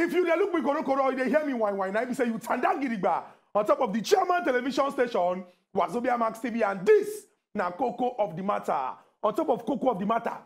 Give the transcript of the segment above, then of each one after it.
If you dey look me korokoro, you dey hear me whine whine. I be say you tanda gidigba on top of the chairman television station Wazobia Max TV, and this na koko of the matter. On top of koko of the matter,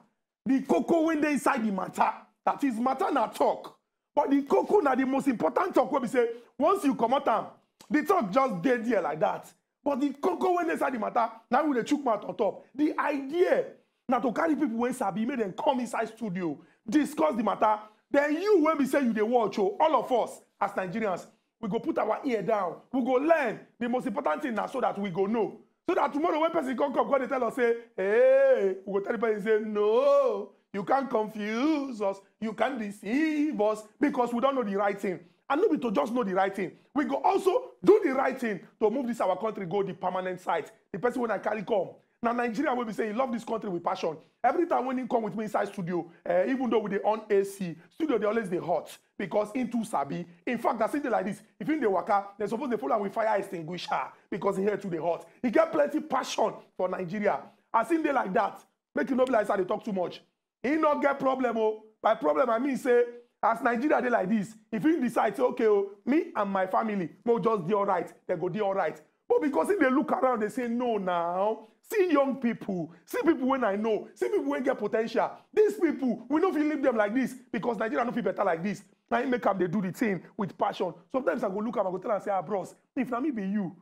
the koko when they inside the matter. That is matter na talk, but the koko na the most important talk wey be say once you comot am, the talk just dead here like that. But the koko when they inside the matter, now we the chook mouth on top. The idea na to carry people wey sabi make dem come inside studio discuss the matter then you wey be say you dey watch oh all of us as nigerians we go put our ear down we go learn the most important thing na so that we go know so that tomorrow when person come come come dey tell us say hey we go tell the person say no you can confuse us you can deceive us because we don know the right thing and no be to just know the right thing we go also do the right thing to move this our country go the permanent site the person wey i carry come na nigeria wey be say he love this country with passion every time when he come with me inside studio uh, even though we dey on ac studio dey always dey hot because him too sabi in fact as him dey like this if him dey waka dem suppose dey follow am with fire extinguisher because him hair too dey hot he get plenty passion for nigeria as him dey like that make you no be like say i dey talk too much he no get problem o oh. by problem i mean say as nigeria dey like this if you decide say okay o oh, me and my family mo just dey alright dem go dey alright But because if they look around, they say, No, now. See young people, see people when I know, see people when get potential. These people, we know if you leave them like this because Nigeria no feel better like this. Now you make up, they do the thing with passion. Sometimes I go look up, I go tell and say, ah, bros, if na me be you,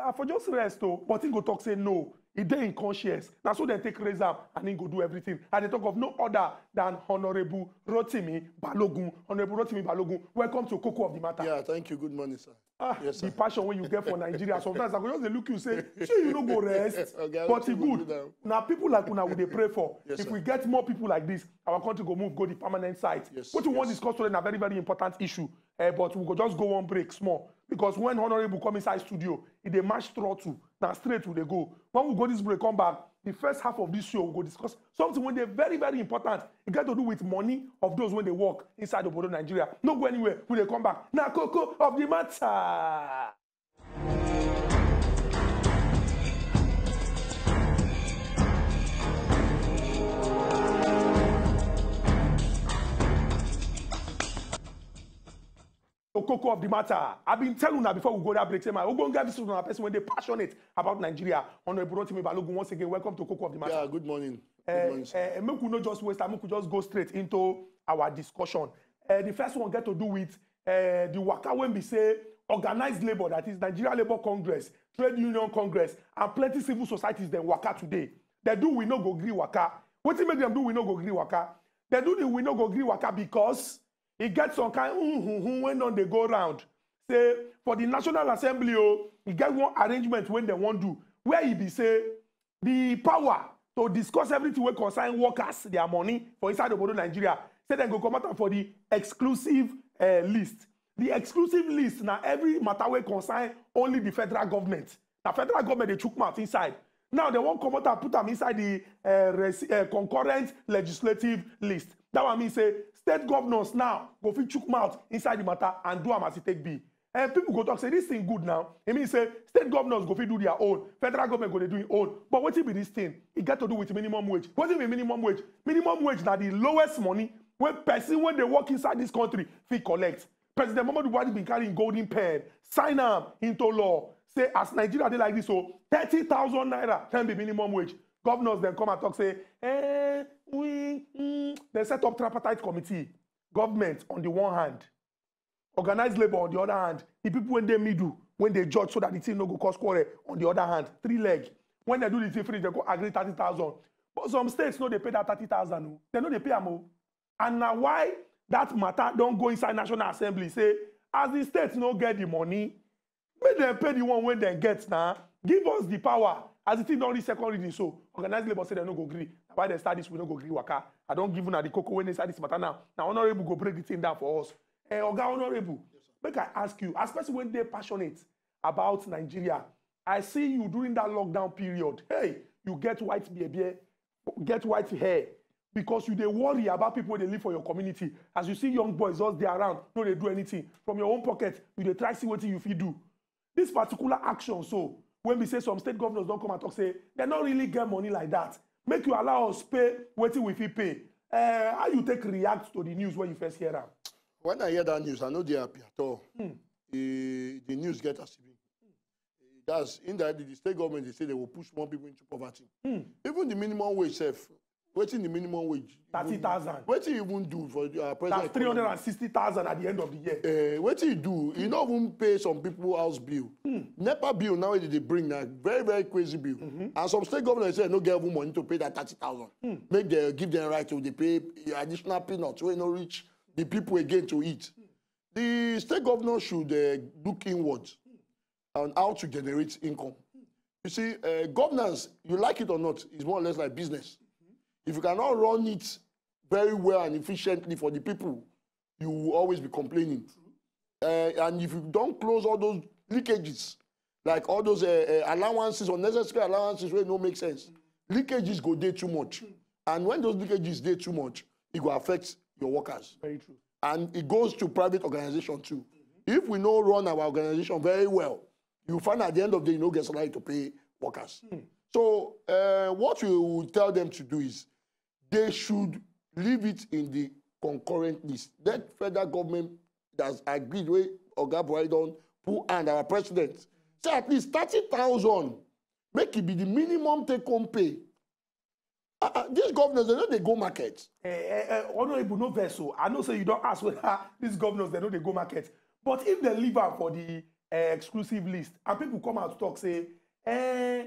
I for just rest though. But he go talk say no. He dey in conscience. Na so they take raise am and he go do everything. And they talk of no other than Honourable Rotimi Balogun. Honourable Rotimi Balogun, welcome to cocoa of the Matter. Yeah, thank you. Good morning, sir ah yes, the passion when you get for nigeria sometimes i go just look you say shey you don't go rest okay, but e good Now people like una we they pray for yes, if sir. we get more people like this our country go move go the permanent side yes, wetin yes. we wan discuss today A very very important issue uh, but we go just go one break small because when Honorable come inside studio e dey match throttle now straight will they go when we go this break come back the first half of this show we go discuss something wey dey very very important e get to do with money of those wey dey work inside obodo nigeria no go anywhere we dey come back na koko of the matter. koko of the matter I've been telling una before we go that break say my this to una person when dey passionate about nigeria honourable rotimi balogun once again welcome to koko of the matter. yeah good morning. good eh, morning uh, make not just waste time make we just go straight into our discussion uh, the first one get to do with uh, the worker when we say organized labor that is nigeria Labor congress trade union congress and plenty civil societies dem waka today they do we no go gree waka wetin make them do we no go gree worker. They do the we no go gree worker because e get some kind mm, mm, mm, wey don dey go round say for the national assembly o oh, e get one arrangement wey dem wan do where e be say the power to discuss everything wey concern workers their money for inside obodo nigeria say dem go comot am for the exclusive uh, list the exclusive list na every matter wey concern only the federal government na federal government dey chook mouth inside now dem wan comot am put am inside the uh, uh, concurrent legislative list That one mean say state governors now go fit chook mouth inside the matter and do am as e take be eh, people go talk say this thing good now e mean say state governors go fit do their own federal government go dey do im e own but wetin be this thing e get to do with minimum wage wetin be minimum wage minimum wage na the lowest money wey person wey dey work inside this country fit collect president muhammadu buhari bin carry im golden pen sign am into law say as nigeria dey like this o oh, thirty thousand naira ten be minimum wage governors dem come and talk say eh, we mm, they set up tripartite committee government on the one hand organized labour on the other hand the people when they middle when they judge so that the thing no go cause quarrel on the other hand three leg when they do the thing finish they go agree thirty thousand but some states no they pay that thirty thousand o oh. dem no dey pay am o oh. and now why that matter don't go inside national assembly say as the states no get the money make dem pay the one when they get now, give us the power as the thing don reach second reading so organized labour say they no go agree why they start this? we no go gree waka i don't give una the cocoa when they start this matter now Now honorable go break the thing down for us eh oga honorable. yes, make i ask you as person wey dey passionate about nigeria i see you during that lockdown period hey you get white baby, get white hair because you they worry about people they live for your community as you see young boys just dey around no they do anything from your own pocket you they try see what you feel do this particular action so when we say some state governors don't come and talk say they no really get money like that make you allow us pay wetin we fit pay uh, how you take react to the news when you first hear am. when i hear that news i no dey happy at all mm. the, the news get as e be that's indirectly the state government dey say they will push more people into poverty mm. even the minimum wage sef wetin the minimum wage. thirty thousand. wetin you even do for your uh, present. that's three hundred and sixty thousand at the end of the year. Uh, wetin you do you no even pay some people house bill. Mm. nepa bill now wey dey dey bring na very very crazy bill. Mm -hmm. and some state governors sef no get even money to pay that thirty thousand. Mm. make dem give dem right to dey pay additional peanuts wey no reach the people again to eat. Mm. the state governor should uh, look inward mm. on how to generate income. Mm. you see uh, governance you like it or not is more or less like business If you cannot run it very well and efficiently for the people, you will always be complaining. Uh, and if you don't close all those leakages, like all those uh, uh, allowances, unnecessary allowances wey no make sense, leakages go dey too much. And when those leakages dey too much, it go affect your workers. Very true. And it goes to private organization too. Mm-hmm. If we no run our organization very well, you find at the end of the day you no get salary to pay workers. Mm. So uh, what we will tell them to do is they should leave it in the concurrent list. That federal government has agreed with Oga Buhari don put our president. Say at least 30,000 make it be the minimum take home pay. Uh, uh, these governors, they know they go market. Uh, uh, uh, no oh. I know say you don't ask whether these governors, they know they go market. But if they leave out for the uh, exclusive list, and people come out to talk, say, eh,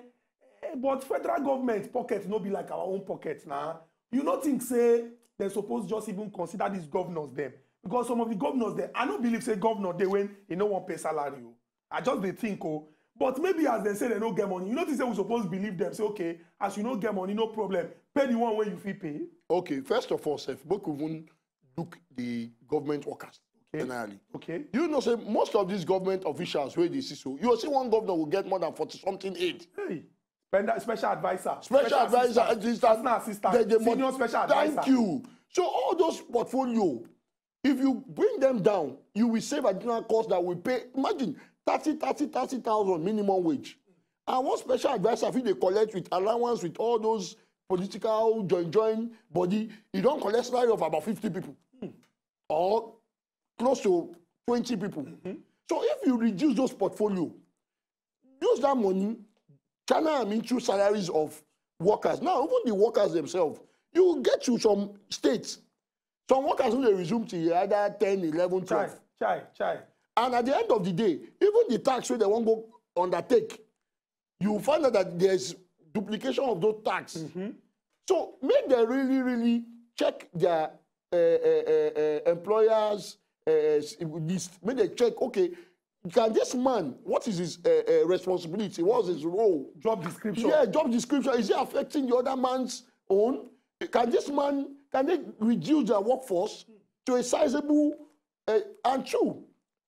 eh, but federal government pocket no be like our own pocket now. Nah you no think say dem suppose just even consider these governors dem because some of the governors dem i no believe say governor dey when e no wan pay salary o i just dey think o oh. but maybe as dem say dem no get money you no think say we suppose believe dem say okay as you no get money no problem pay the one wey you fit pay. okay first of all sef make we even look the government workers generally. Okay. You know, say most of these government officials where they see so, you will see one governor will get more than forty something aid. Hey. Penda, special advisor. Special, special advisor, assistant, assistant, assistant the, the senior special thank advisor. Thank you. So all those portfolio, if you bring them down, you will save additional cost that we pay. Imagine 30, 30, 30,000 minimum wage. And one special advisor, if they collect with allowance with all those political join join body, you don't collect salary of about 50 people mm. or close to 20 people. Mm -hmm. So if you reduce those portfolio, use that money I mean into salaries of workers. Now, even the workers themselves, you get to some states, some workers will resume to either 10, 11, 12. Chai, chai, chai. And at the end of the day, even the tax rate they won't go undertake, you find out that there's duplication of those tax. Mm -hmm. So make them really, really check their uh, uh, uh, employers' uh, list. Make them check, okay, can this man what is his uh, uh, responsibility what's his role job description yeah job description is he affecting the other man's own can this man can they reduce their workforce to a sizable uh, and true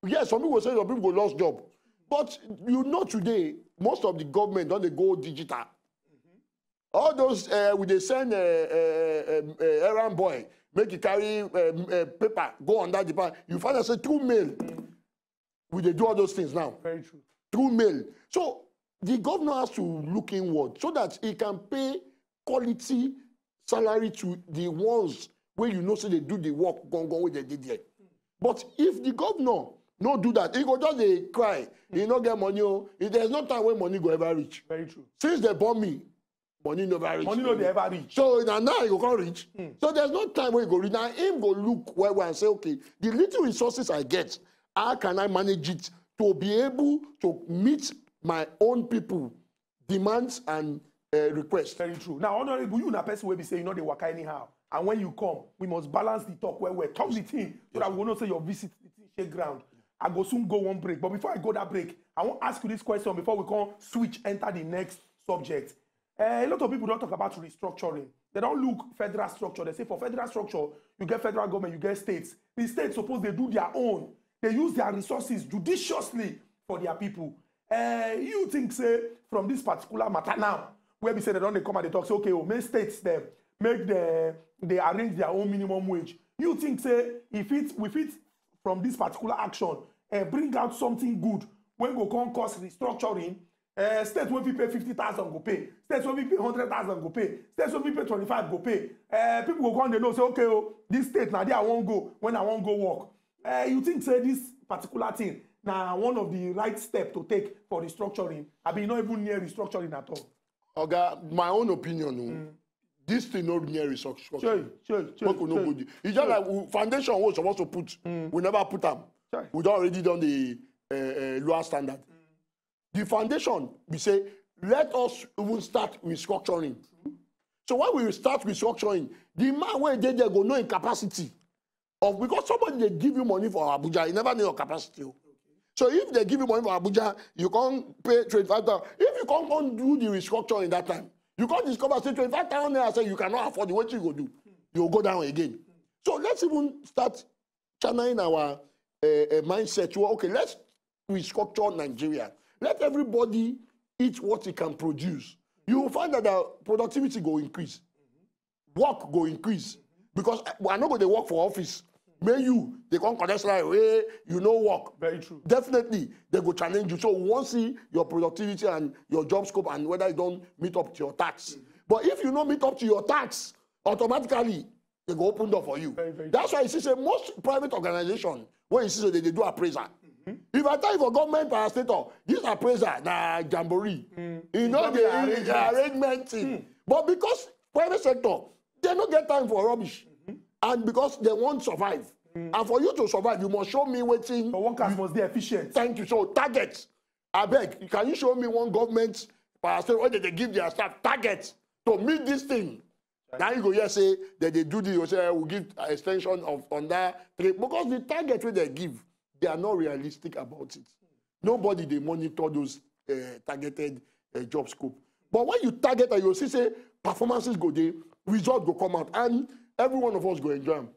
yes some people say some people go lost job but you know today most of the government don dey go digital mm -hmm. all those uh, we dey send uh, uh, uh, errand boy make he carry uh, uh, paper go under the pan you find out say through mail. Mm -hmm we they do all those things now. Very true. Through mail. So the governor has to look inward so that he can pay quality salary to the ones where you know say they do the work gangan where they did there. But if the governor no do that, he go just dey cry, he no get money o, there's no time when money go ever reach. Very true. Since they bought me, money never reach. Money no dey ever reach. So na now e go reach. Mm. So there's no time where e go reach. Na him go look where well and say okay, the little resources I get, How can I manage it to be able to meet my own people demands and uh, requests? Very true. Now, Honorable, you na person will be saying, you know, they work anyhow. And when you come, we must balance the talk where we're talking the thing so that we will not say your visit shake ground. I go soon go one break. But before I go that break, I want to ask you this question before we can switch, enter the next subject. Uh, a lot of people don't talk about restructuring. They don't look federal structure. They say for federal structure, you get federal government, you get states. The states suppose they do their own dey use their resources judiciously for their people uh, you think say from this particular matter now wey be say dem don dey come and dey talk say okay o oh, make states dem make dem dey arrange their own minimum wage you think say e fit we fit from this particular action uh, bring out something good wey go come cause restructuring uh, state wey fit pay fifty thousand go pay state wey fit pay hundred thousand go pay state wey fit pay twenty-five go pay uh, people go come dey know say okay o oh, this state na there i wan go when i wan go work uh, you think say this particular thing na one of the right step to take for restructuring abi been no even near restructuring at all. oga my own opinion o oh. mm. this thing no near restructuring sure, sure, sure, make we no go there e just like foundation wey we suppose to put mm. we never put am we don already done the uh, uh, lower standard mm. the foundation be say let us even start restructuring mm. so when we start restructuring the man wey dey there go know im capacity Of because somebody they give you money for Abuja, you never need your capacity. Oh. So if they give you money for Abuja, you can't pay 25,000. If you can't go do the restructure in that time, you can't discover say 25,000 naira say you cannot afford it. What you go do? You go down again. So let's even start channeling our uh, uh, mindset well, okay, let's restructure Nigeria. Let everybody eat what he can produce. You will find that the productivity go increase, work go increase because eh, i no go dey work for office may you dey come collect salary wey you no work. very true definitely they go challenge you so we wan see your productivity and your job scope and whether you don meet up to your tax mm. but if you no meet up to your tax automatically they go open door for you very, very that's why you see say most private organization wey you see say they dey do appraiser. Mm -hmm. if i tell you for government parastator this appraiser na jamboree mm. e no dey arrangement, arrangement. Mm. but because private sector They no get time for rubbish. Mm -hmm. And because they won't survive. Mm. And for you to survive, you must show me waiting. But workers you, must be efficient. Thank you. So targets. I beg, can you show me one government pastor where they give their staff targets to meet this thing? Right. Now you go here say that they do this, you say we give extension of under that Because the target where they give, they are not realistic about it. Nobody they monitor those uh, targeted uh, job scope. But when you target and you see say performances go there, result go come out and every one of us go enjoy am.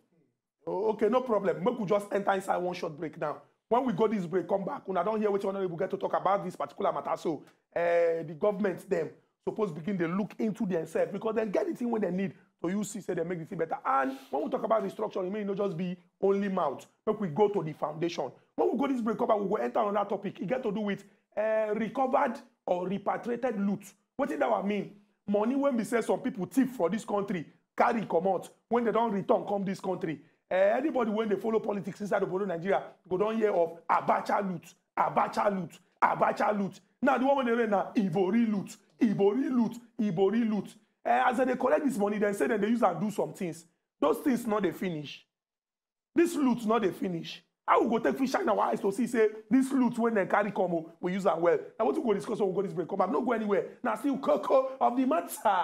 Oh, okay no problem make we just enter inside one short break now when we go this break come back una don hear wetin honourable get to talk about this particular matter so uh, the government dem suppose begin dey look into themselves because dem get the thing wey dem need to use see say dem make the thing better and when we talk about restructuring may e no just be only mouth make we go to the foundation when we go this break come back we go enter another topic e get to do with uh, recovered or repatriated loot wetin that one mean money wey be say some people thief for this country carry comot when they don return come this country uh, anybody wey dey follow politics inside obodo nigeria go don hear of abacha loot abacha loot abacha loot now the one wey dey reign na ibori loot ibori loot ibori loot uh, as dem dey collect this money dem say dem dey use am do some things those things no dey finish this loot no dey finish how we go take fit shine our eyes to see say this loot wey dem carry come o oh, we use am well na wetin we go discuss when we go this break come back no go anywhere na still koko of the matter.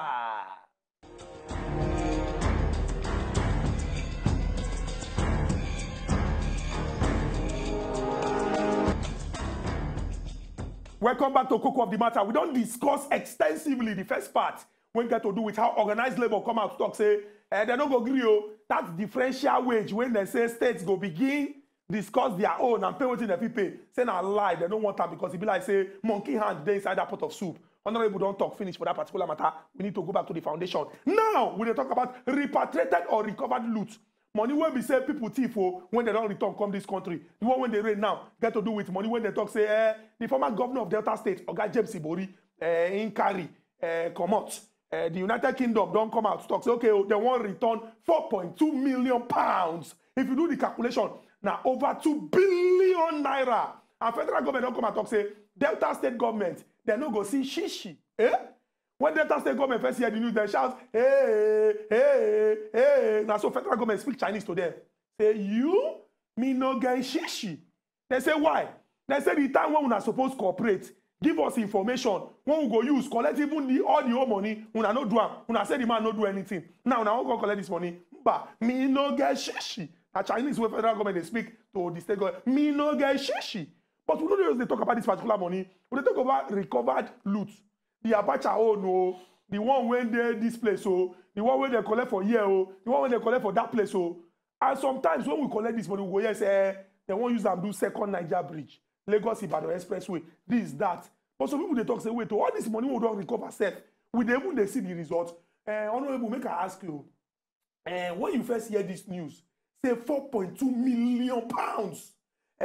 Welcome back to Cocoa of the Matter. We don't discuss extensively the first part when get to do with how organized labor come out to talk say eh, they no go gree o oh. that differential wage wey dem say states go begin discuss their own and pay wetin dem fit pay say na lie dem no want am because e be like say monkey hand dey inside that pot of soup honourable don talk finish for that particular matter we need to go back to the foundation now we dey talk about repatriated or recovered loot money wey be say people thief o when dem don return come this country the one wey dey reign now get to do with money wey dem talk say eh, the former governor of delta state oga james ibori eh, im carry eh, comot eh, the united kingdom don come out talk say okay o oh, dem wan return 4.2 million pounds if you do the calculation Now over two billion naira and federal government don come and talk say delta state government dem no go see shishi eh? when delta state government first hear the news dem shout hey hey hey na so federal government speak chinese to dem say you me no get shishi dem say why dem say the time when una suppose cooperate give us information wey we go use collect even the all the whole money una no do am una say the man no do anything now una wan go collect this money mba me no get shishi A chinese wey federal government dey speak to di state government me no get shishi but we no dey talk about dis particular money we dey talk about recovered loot the abacha own o oh. the one wey dey dis place o oh. the one wey dem collect for here o oh. the one wey dem collect for dat place o and sometimes when we collect dis money we go hear say eh dem wan use am do second niger bridge lagos ibadan expressway this that but some people dey talk say wait o all this money wey we don recover sef we dey even dey see the result eh honourable make i ask you eh when you first hear this news say 4.2 million pounds uh,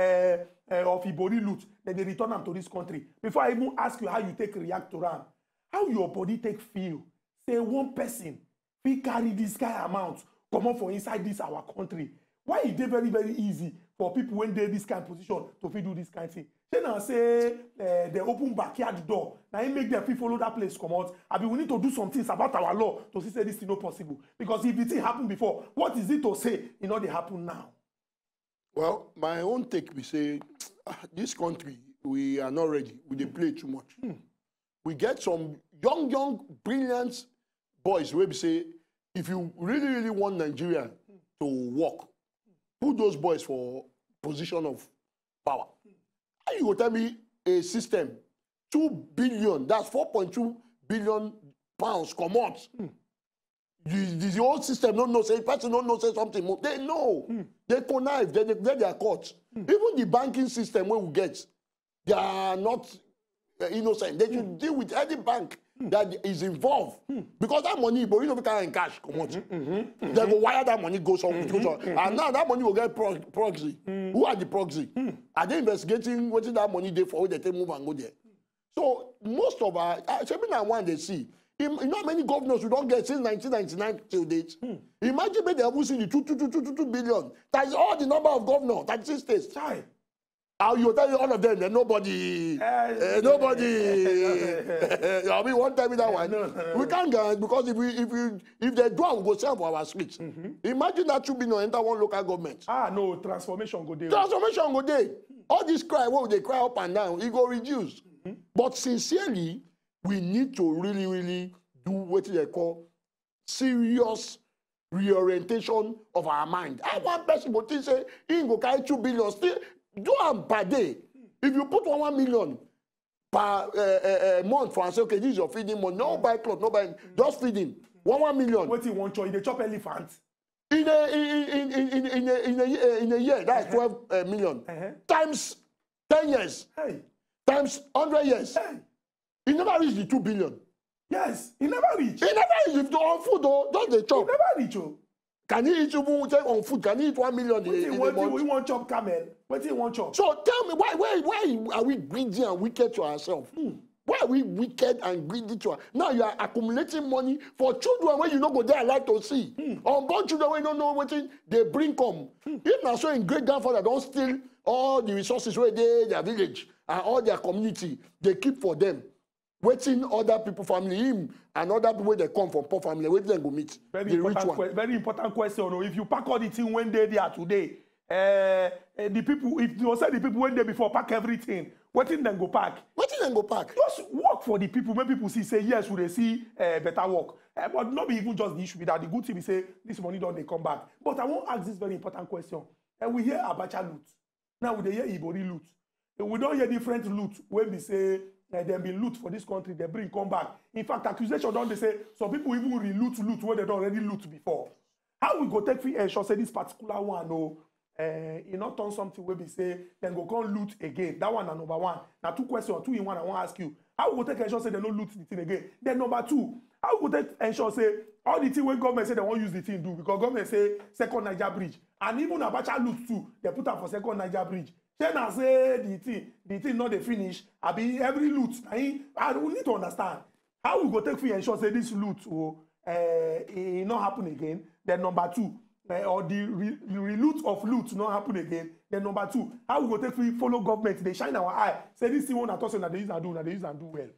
uh, of Ibori loot dem they return them to this country before i even ask you how you take react to am how your body take feel say one person we carry this kain amount come up for inside this our country why is e it very very easy for people wey dey this kind position to fit do this kind thing shey na say uh, dem open backyard door na im make dem fit follow that place comot abi we need to do some things about our law to see say this thing no possible because if the thing happen before what is it to say e no dey happen now. well my own take be say ah, this country we are not ready we dey play too much hmm. we get some young young brilliant boys wey be say if you really really want nigeria hmm. to work put those boys for position of power. How you go tell me a system two billion that's four point two billion pounds come out. Hmm. The, the, the whole system no know say person no know say something more they know mm. they connive they dey get their court mm. even the banking system when we get they are not uh, innocent they should mm. deal with any bank that is involved hmm. because that money but you no fit carry in cash comot dem hmm, hmm, go wire that money go some go some and now that money will get pro proxy who are the proxy are they investigating wetin that money dey for wey dem take move and go there so most of our uh, seven and one they see you know how many governors we don't get since 1999 till date hmm. imagine they have even the two two two two two billion that is all the number of governors thirty six states Chai. I will tell you all of them that nobody, uh, nobody. I mean, one time in that one, we can't guarantee because if we, if we, if they do, we go sell for our streets. Mm -hmm. Imagine that two billion enter one local government. Ah no, transformation go there. Transformation go there. All this cry, what well, they cry up and down, it e go reduce. Mm -hmm. But sincerely, we need to really, really do what they call serious reorientation of our mind. I want person go think say he go carry two billion still do am per day if you put one one million per uh, uh, month for am say okay this is your feeding money no buy cloth no buy mm. just feeding. one one million. wetin you wan chop you dey chop elephant. in a in in in in a in a in a year that's uh-huh. twelve uh, million uh -huh. times ten years hey. times hundred years hey. e never reach the two billion. yes e never reach. e never reach if you on food o just dey chop. e never reach o. Oh. Can he eat even take on food? Can he eat one million in, in want, a month? We want chop camel. What do you want chop? So tell me why why why are we greedy and wicked to ourselves? Hmm. Why are we wicked and greedy to ourselves? Now you are accumulating money for children where you don't go there alive to see. Hmm. Unborn children where you don't know what they bring come. Hmm. If now so in great grandfather don't steal all the resources where they their village and all their community, they keep for them wetin other people family him and other people wey dey come from poor family wetin dem go meet very the rich one. very important question o oh, if you pack all the thing wey dey there today uh, the people if you say the people wey dey before pack everything wetin dem go pack. wetin dem go pack. just work for the people make people see say yes we dey see uh, better work uh, but no be even just the issue be that the good thing be say this money don dey come back but i wan ask this very important question uh, we hear abacha loot now we dey hear ibori loot we don hear different loot wey be say na dem been loot for this country They bring come back in fact accusation don They say some people even re-loot loot wey dem don already loot before how we go take fit ensure say this particular one Oh, uh, e no turn something where we say then go come loot again that one and number one Now two questions. two in one i wan ask you how we go take ensure say they no loot the thing again then number two how we go take ensure say all the thing when government say they won't use the thing do because government say second niger bridge and even abacha loot too They put up for second niger bridge shey na say the thing the thing no dey finish abi every loot na him i need to understand how we go take fit ensure say this loot o uh, eh, e, e no happen again then number two uh, or the re reloot of loot no happen again then number two how we go take fit follow government dey shine our eye say this thing wey una talk say una dey use am do una dey use am do well.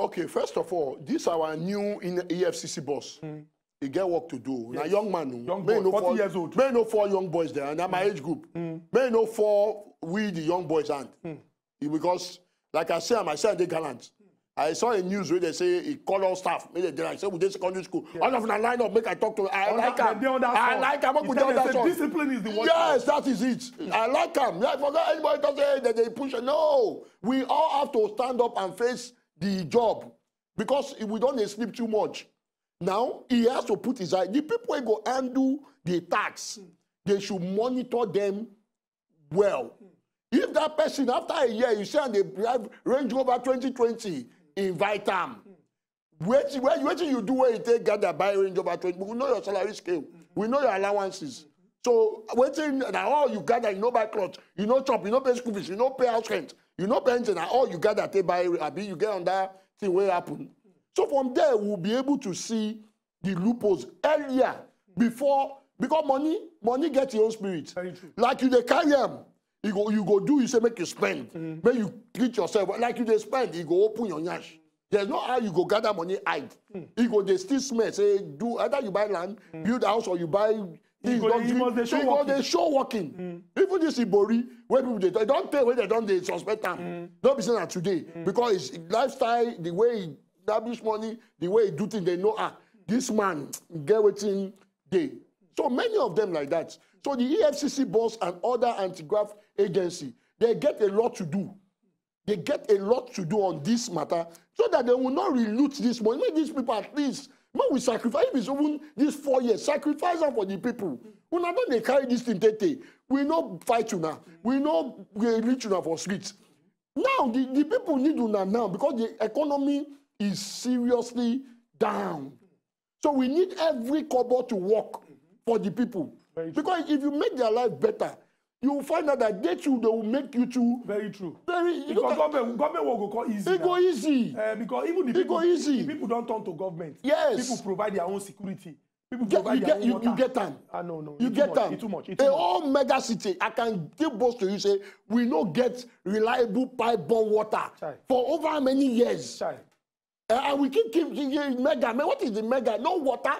okay first of all this our new efcc boss mm. e get work to do yes. young man oh, o may no four may no four young boys there na my mm. age group mm. may no four we the young boys and mm. because like i say am i say they can gallant I saw a news where they say he called all staff. Make they deny. Say we dey secondary school. Yeah. All of them line up. Make I talk to. I like him. I like him. Make we Discipline is the one. Yes, that is it. Mm. I like him. I forgot anybody does say that they push. No, we all have to stand up and face the job because if we don't sleep too much. Now he has to put his eye. The people who go handle the tax, they should monitor them well. If that person after a year you say they drive Range Rover 2020, mm. invite them. Mm. Wait, wait, wait till you do where you take gather buy Range Rover 20. We know your salary scale. We know your allowances. Mm-hmm. So waiting now all you gather, you know buy clothes, you know chop, you know pay school fees, you know pay house rent, you know pension, and all you gather they buy, abi you get on that thing where happen. So from there, we'll be able to see the loopholes earlier before because money money get your own spirit. Like you dey carry am, you go you go do you say make you spend, mm. make you treat yourself. Like you dey spend, you e go open your nyash. There's no how you go gather money hide. Mm. You e go they still smell say do either you buy land, mm. build house or you buy things don do you go they show working mm. even this ibori wey people they talk e don tey wey dem don dey suspect am mm. no be say na today mm. because his lifestyle the way he establish money the way he do things they know ah this man get wetin dey so many of them like that so the efcc boss and other anti-graft agency they get a lot to do they get a lot to do on this matter so that they will not relute this money make these people at least make we sacrifice if it's even this four years sacrifice am for the people una don dey carry this thing tey tey we no fight una we no reach una for street now the the people need una now because the economy is seriously down. So we need every cobble to work for the people. Very because if you make their life better, you will find out that they too they will make you too. Very true. Very because government government work go come easy. It go easy. Uh, because even the people, easy. the people don turn to government. Yes. People provide their own security. People get, provide you their own you, water. You get them. Ah no no. You get them. Too much. Too much. A whole mega city. I can give boast to you say we no get reliable pipe borne water Chai. for over how many years. Chai. I eh, will ah, we keep keep mega. Man, what is the mega? No water,